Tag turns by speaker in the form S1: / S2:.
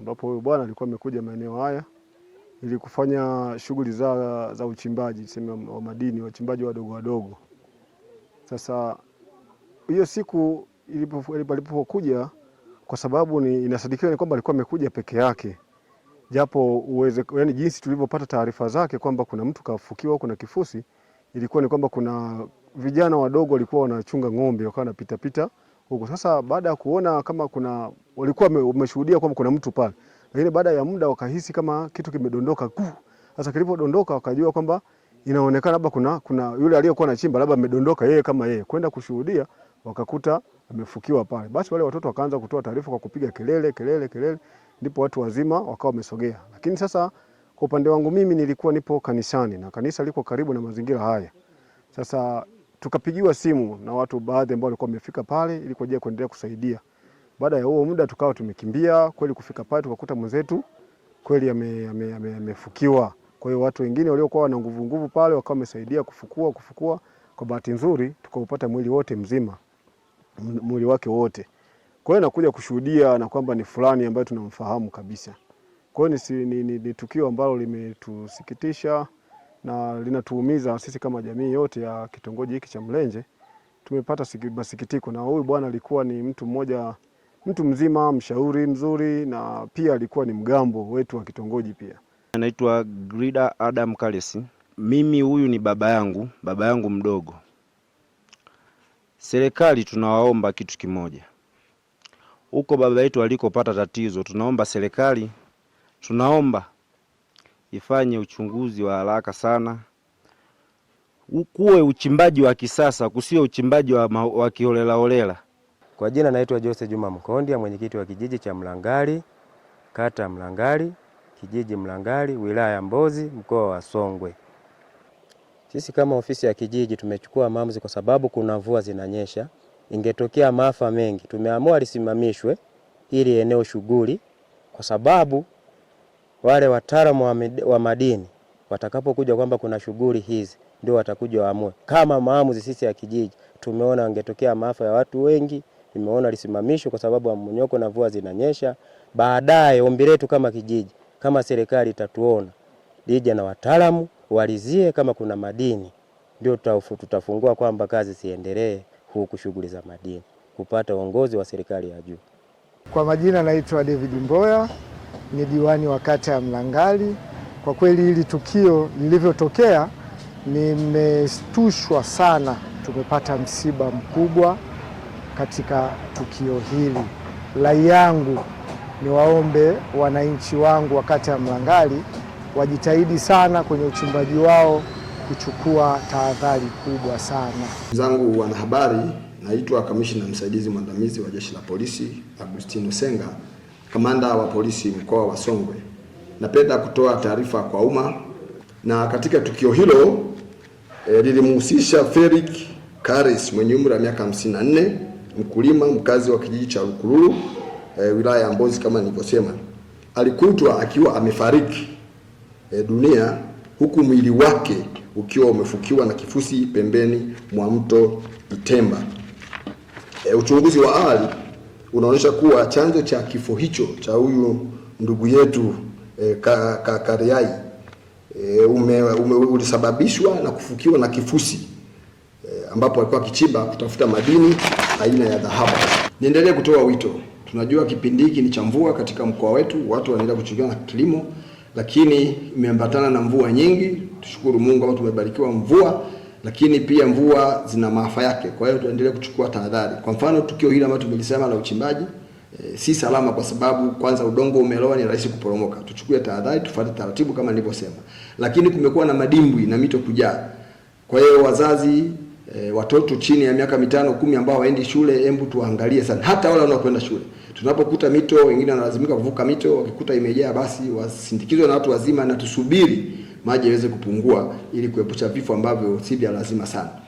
S1: ambapo huyu bwana alikuwa amekuja maeneo haya ili kufanya shughuli za, za uchimbaji sema wa madini, wachimbaji wadogo wadogo. Sasa hiyo siku alipokuja, kwa sababu ni inasadikiwa ni kwamba alikuwa amekuja peke yake, japo uweze, yani jinsi tulivyopata taarifa zake kwamba kuna mtu kafukiwa, kuna kifusi, ilikuwa ni kwamba kuna vijana wadogo walikuwa wanachunga ng'ombe, wakawa wanapita pita huko. Sasa baada ya kuona kama kuna walikuwa wameshuhudia kwamba kuna mtu pale, lakini baada ya muda wakahisi kama kitu kimedondoka. ku. Sasa kilipodondoka, wakajua kwamba inaonekana labda kuna, kuna yule aliyekuwa anachimba labda amedondoka yeye kama yeye, kwenda kushuhudia wakakuta amefukiwa pale. Basi wale watoto wakaanza kutoa taarifa kwa kupiga kelele kelele kelele, ndipo watu wazima wakawa wamesogea. Lakini sasa kwa upande wangu mimi nilikuwa nipo kanisani na kanisa liko karibu na mazingira haya. Sasa Tukapigiwa simu na watu baadhi ambao walikuwa wamefika pale ili kwa ajili ya kuendelea kusaidia. Baada ya huo muda tukawa tumekimbia kweli, kufika pale tukakuta mwenzetu kweli amefukiwa. Kwa hiyo watu wengine waliokuwa wana nguvu nguvu pale wakawa wamesaidia kufukua kufukua. Kwa bahati nzuri tukaupata mwili wote mzima, mwili wake wote. Kwa hiyo nakuja kushuhudia na kwamba ni fulani ambaye tunamfahamu kabisa. Kwa hiyo ni, ni, ni, ni tukio ambalo limetusikitisha na linatuumiza sisi kama jamii yote ya kitongoji hiki cha Mlenje. Tumepata masikitiko, na huyu bwana alikuwa ni mtu mmoja, mtu mzima, mshauri mzuri, na pia alikuwa ni mgambo wetu wa kitongoji pia.
S2: Anaitwa Grida Adam Kalesi. Mimi huyu ni baba yangu, baba yangu mdogo. Serikali tunawaomba kitu kimoja, huko baba yetu alikopata tatizo, tunaomba serikali, tunaomba ifanye uchunguzi wa haraka sana, kuwe uchimbaji wa kisasa, kusio uchimbaji wa, wa kiholelaholela. Kwa jina naitwa Jose Juma Mkondia, mwenyekiti wa kijiji cha Mlangali, kata Mlangali, kijiji Mlangali, wilaya ya Mbozi, mkoa wa Songwe. Sisi kama ofisi ya kijiji tumechukua maamuzi, kwa sababu kuna mvua zinanyesha, ingetokea maafa mengi. Tumeamua lisimamishwe ili eneo shughuli, kwa sababu wale wataalamu wa madini watakapokuja kwamba kuna shughuli hizi, ndio watakuja waamue. Kama maamuzi sisi ya kijiji tumeona wangetokea maafa ya watu wengi, imeona lisimamishwe kwa sababu ya mmonyoko na mvua zinanyesha. Baadaye ombi letu kama kijiji, kama serikali itatuona, lije na wataalamu walizie kama kuna madini, ndio tutafungua kwamba kazi siendelee huku shughuli za madini, kupata uongozi wa serikali ya juu.
S3: Kwa majina naitwa David Mboya ni diwani wa kata ya Mlangali. Kwa kweli hili tukio lilivyotokea, nimeshtushwa sana. Tumepata msiba mkubwa katika tukio hili. Rai yangu ni waombe wananchi wangu wa kata ya Mlangali wajitahidi sana kwenye uchimbaji wao kuchukua tahadhari kubwa sana.
S4: Zangu wanahabari, naitwa kamishina msaidizi mwandamizi wa jeshi la polisi Agustino Senga. Kamanda wa polisi mkoa wa Songwe, napenda kutoa taarifa kwa umma, na katika tukio hilo e, eh, lilimhusisha Feric Karis mwenye umri wa miaka 54, mkulima mkazi wa kijiji cha Lukululu e, eh, wilaya ya Mbozi kama nilivyosema, alikutwa akiwa amefariki e, dunia huku mwili wake ukiwa umefukiwa na kifusi pembeni mwa mto Itemba. E, uchunguzi wa awali unaonyesha kuwa chanzo cha kifo hicho cha huyu ndugu yetu e, ka, ka, Kariai e, eh, ume, ume, ulisababishwa na kufukiwa na kifusi e, ambapo alikuwa akichimba kutafuta madini aina ya dhahabu. Niendelee kutoa wito. Tunajua kipindi hiki ni cha mvua katika mkoa wetu, watu wanaendelea kuchungiwa na kilimo, lakini imeambatana na mvua nyingi. Tushukuru Mungu, au tumebarikiwa mvua lakini pia mvua zina maafa yake. Kwa hiyo tuendelee kuchukua tahadhari. Kwa mfano tukio hili ambalo tumelisema la uchimbaji e, si salama kwa sababu kwanza udongo umelowa ni rahisi kuporomoka. Tuchukue tahadhari, tufuate taratibu kama nilivyosema, lakini kumekuwa na madimbwi na mito kujaa. Kwa hiyo wazazi e, watoto chini ya miaka mitano kumi ambao waendi shule, hebu tuangalie sana, hata wale wanaokwenda shule. Tunapokuta mito, wengine wanalazimika kuvuka mito, wakikuta imejaa, basi wasindikizwe na watu wazima na tusubiri maji yaweze kupungua ili kuepusha vifo ambavyo si vya lazima sana.